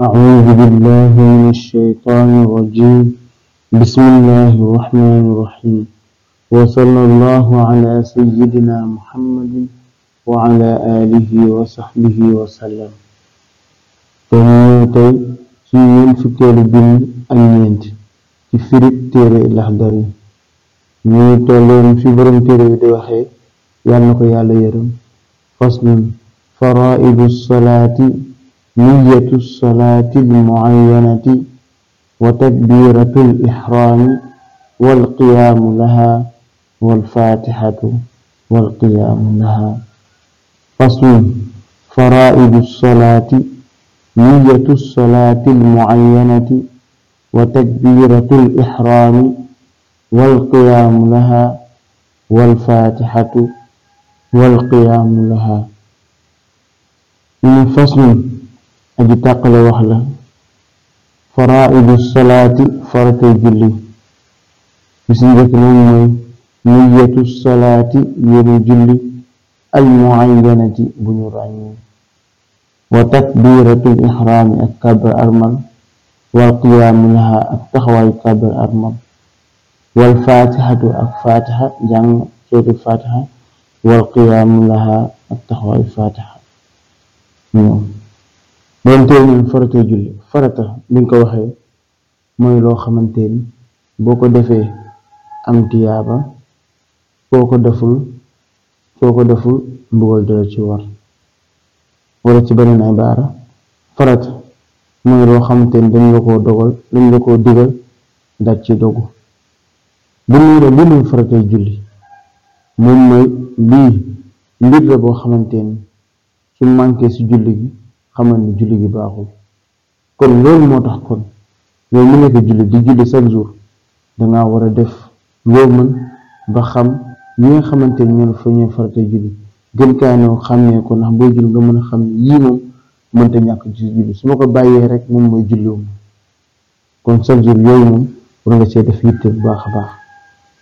أعوذ بالله من الشيطان الرجيم بسم الله الرحمن الرحيم وصلى الله على سيدنا محمد وعلى آله وصحبه وسلم kon ñëw tey ci ñeent fukkeelu bind ak ñeent ci firib téere Laxdari ñuy tolloon fi borom téere bi di waxee yàlla na ko yàlla yërëm faslun faraidu salaati نية الصلاة المعينة وتكبيرة الإحرام والقيام لها والفاتحة والقيام لها فصل فرائض الصلاة نية الصلاة المعينة وتكبيرة الإحرام والقيام لها والفاتحة والقيام لها من فصل aji tàqale wax la faraidu salaati faratay julli bi si njëkk moom mooy niyatu salaati yéene julli al muayyanati bu ñu ràññee wa takbiratul ixraami ak kàbbar armal wal qiyaamu laha ak taxawaayu kàbbar armal wal fatixatu ak fatixa jàng sootu fatixa wal qiyaamu laha ak taxawaayu fatixa boroom téere naan faratay julli farata bi nga ko waxee mooy loo xamante boo ko defee am tiyaaba foo ko deful boo ko deful mbugal dala ci war wala ci beneen ay baara farata mooy loo xamante ni dañ la koo dogal dañ la koo digal daj ci dogu bu nuure bu faratay julli moom mooy lii mbir la boo xamante ni su manqué ci julli gi xamal ni julli bi baaxul kon loolu moo tax kon yow mu nekk julli war a def loo xam ñi nga xamante ñoo fa ñoo farata julli gën kaa ko ndax boo nga mën a xam yii moom mënta ñàkk ci julli su bàyyee rek moom mooy julliwuma kon chaque jour yooyu moom bu baax a baax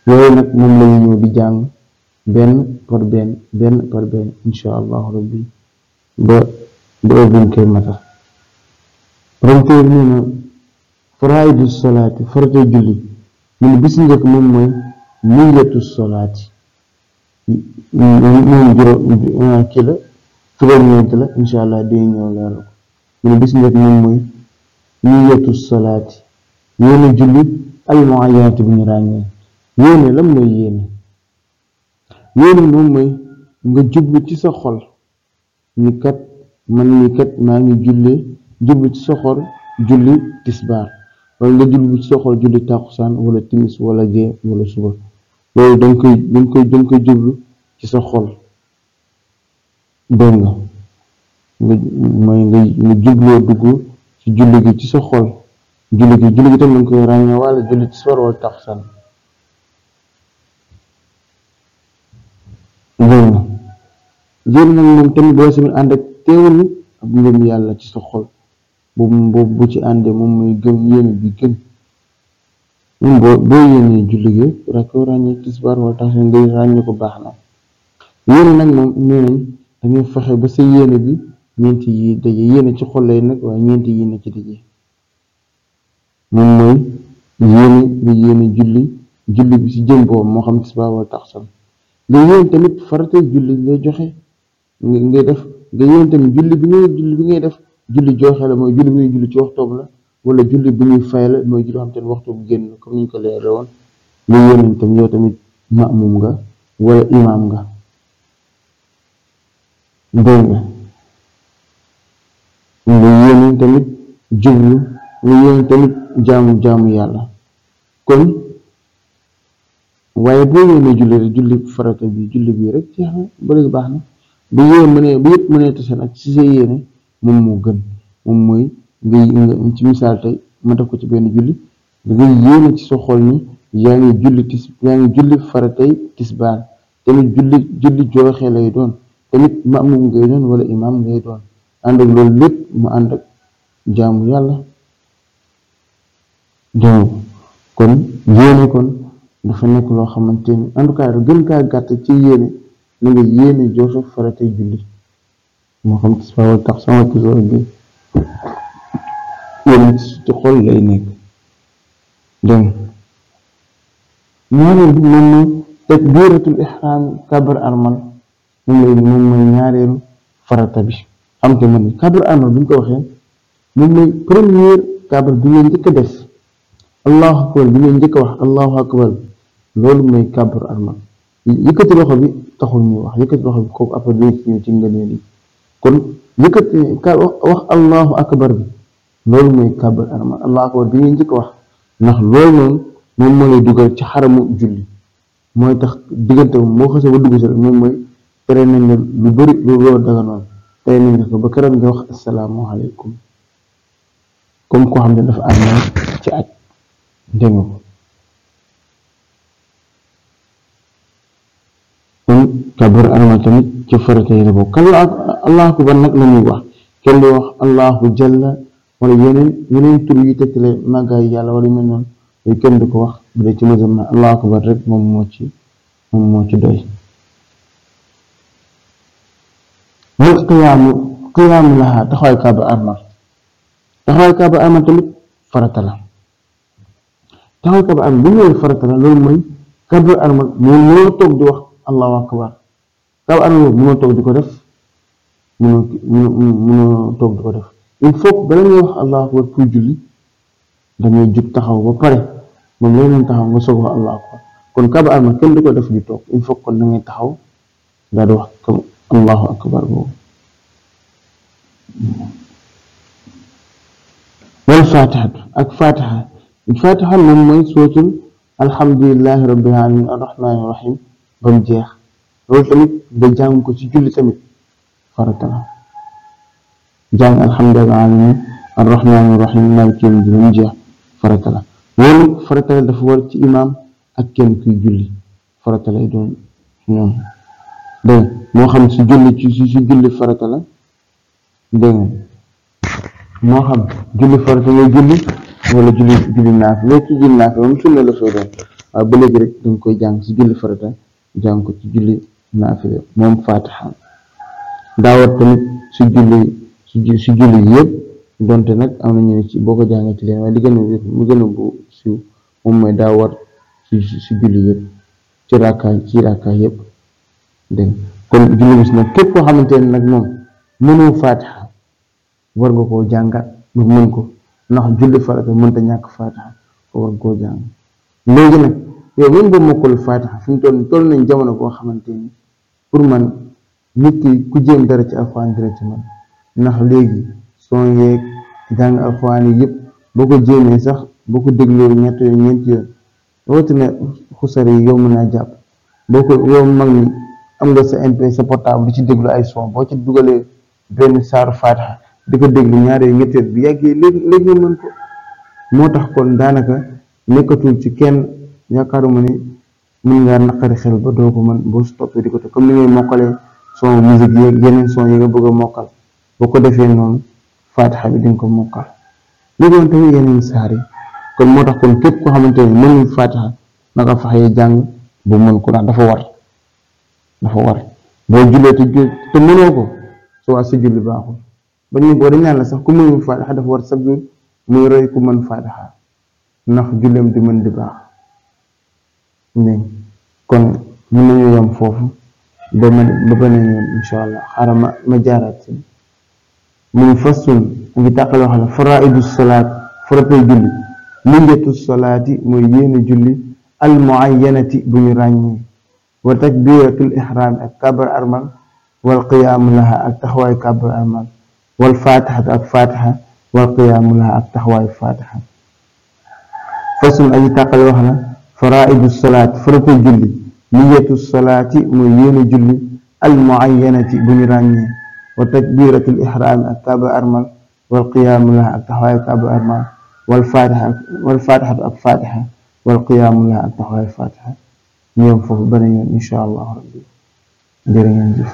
yooyu nag moom lañu ñëw di jàng benn par benn benn par benn insha allahu rabbi ba da kai mata parenteer nee na faraidu solaati farata julli mu ne bis njëkk moom mooy niyyatu solaati moom juróom ah, kii njëkk moom mooy niyyatu solaati yéene julli almuayyaatu bi ñu ràññee yéene lan mooy yéene yéene moom mooy nga jublu ci sa xol ni kat man mii kat maa ngi julli jublu ci soxor julli tisbaar wala nga jublu ci soxor julli tàkkusaan wala timis wala gee wala suba loolu danga koy danga koy danga koy jublu ci sa xol dégg nga mooy nga nga jubloo dugg ci julli gi ci sa xol julli gi julli gi tam danga koy ràññee wala julli tisbaar wala tàkkusaan yéen nag moom tamit boo seen ànd ak teewlu ak ngëm yàlla ci sa xol boobu boobu bu ci àndee moom mooy gëm yéen bi gën moom boo boo yéenee julli baax na yéen nag fexe ba sa yéene bi ñeenti yi daje yéene ci xol nag waaye ci daje moom mooy julli bi ci jëm boobu moo xam tisbaar wala taxaw nga yéen tamit farata julli ngay joxe. nga def nga tamit bi ngay def julli mooy julli bi ci waxtoom la wala julli bi ñuy fay la mooy julli xam te ne waxtu ko leerle woon lu yéen tam yow nga tamit jublu nga yéen tamit jaamu jaamu yàlla kon waaye boo yéene julli rek julli farata bi julli bi rek jeex na ba léegi baax na ba yéen mënee ba yëpp mënee tase ak ci sa yéene moom moo gën moom mooy nga ci misaal tey ma def ko ci benn julli nga yéene ci sa xol ni yaa ngi julli tis yaa ngi julli faratay tisbaar tamit julli julli jooxe lay doon tamit maamum ngay doon wala imaam ngay doon ànd ak loolu lépp mu ànd ak jaamu yàlla donc kon yéene kon dafa nekk loo xamante ni gën kaa gàtt ci yéene na nga yéene Joseph faratay julli moo xam ci suba wala tax sama ci suba bi yéen ci xol lay nekk donc ñaareel bi moom mooy takbiratul ihram kabar armal moom lay moom mooy ñaareelu farata bi am te man kabar armal bu ñu ko waxee moom mooy premier kabar bi ngeen njëkk def allahu akbar bi ngeen njëkk a wax allahu akbar loolu mooy kabar armal yëkkati loxo bi taxul ñuy wax yëkkati loxo bi kooku après dinañ ci ñëw wax allahu akbar bi loolu mooy kàbbar arma allahu akbar bi ngay njëkk wax ndax loolu noonu moom moo lay dugal ci xaramu julli mooy tax diggante moo xasee ba dugg si rek moom mooy tere nañ la lu bari lu loo daganoon tere nañ la ko ba këram nga wax assalaamu aleykum comme koo xam ne dafa arma ci ak dégg ko kàbbar armal tamit ci farata yi la bokk kan la allahu akbar la ñuy wax yi tekkale màggaay yàlla wala ko wax bu dee ci moo ci ci doy nag qiyaamu farata la taxawaay kàbbar armal bu ñëwee farata la loolu mooy kàbbar armal moo toog di wax allahu akbar daw am yow mënoo di ko def mënoo mënoo toog di ko def il faut que bala wax allahu akbar pour julli dangay jug taxaw ba pare moom leneen taxaw nga soog wax allahu kon kabaar ma kenn du ko def di toog il faut kon dangay taxaw daal di wax comme allahu akbar boobu wal fatihatu ak fatiha fatiha moom mooy sootul alhamdulillahi rabbil alamin arrahmani rahim ba mu jeex loolu tamit ko ci julli tamit farata la jàng alhamdulilah alamin arrahman arrahim maliki la dafa war ci imaam ak kenn kuy julli farata moo xam si julli ci si julli farata la dégg moo xam julli farata ngay julli wala julli julli naaf léegi ci julli naaf moom sunna la soo doon waaye ba léegi rek danga koy jàng si julli farata jàng ko ci julli naafile moom fatiha daawat tamit su julli su julli yëpp donte nag am na ñu ci boo ko jàngee ci leen waaye li gën a mu gën a bu siiw moom mooy daawat su julli yëpp ci rakka ci rakka yëpp dégg kon julli bis nag képp koo nag moom mënoo fatiha war nga koo jàngat lu mën ko ndax julli farata mënta ñàkk fatiha ko war nga koo jàng léegi nag yow même boo mokkul faatixa fi mu toll nañ jamono boo xamante ni pour man nit ki ku jéem dara ci alxuraan dara ci man ndax léegi son yeeg jàng alxuraan yi yëpp boo ko jéemee sax boo ko dégloo ñett yoon ñeent yoon rawatina xusare mën naa jàpp boo ko mag am nga sa MP sa portable di ci déglu ay son ci dugalee benn saaru faatixa di ko déglu ñaari ñett yoon bi yàggee léegi léegi nga ko moo tax kon daanaka nekkatul ci kenn yaakaaruma ne mën ngaa naqari xel ba doo ko mën boo stoppé di ko te comme ni ngay mokkalee son musique yeeg yeneen son yi nga bëgg a mokkal boo ko defee noonu faatixa bi dinga ko mokkal li doon tamit yeneen saar moo tax kon képp koo xamante ne mënul faatixa naka faxee jàng bu mën ko ndax dafa war dafa war boo jullee te te ko su waa sa julli baaxul ba ñu war a ñaan la sax ku mënul faatixa dafa war sa muy roy ku mën faatixa ndax julleem di mën di baax kon mën nañu yam foofu ba ma ba beneen yoon insha allah ma ma jaaraat si muy fasul ngi tàqale wax la faraidu salaat faratay julli niyyatu salaati mooy yéene julli al bu ñu ràññee wa takbiratul ihram ak kabar armal wal qiyaamu laha ak taxawaay kabar armal wal faatixatu ak faatixa wal qiyaamu laha ak taxawaay faatixa fasul aji tàqale wax la faraidu salaat farata julli niyatu salaati mooy yéene julli al muayyanati bu ñu ràññee wa takbiratu lihraami ak kaaba armal wal qiyaamu laha ak taxawaayu kaaba armal wal fatiha wal fatihatu ak fatiha wal qiyaamu laha ak taxawaayu fatiha ñoom foofu beneen yoon incha allahu rabbi jërë ngeen jëf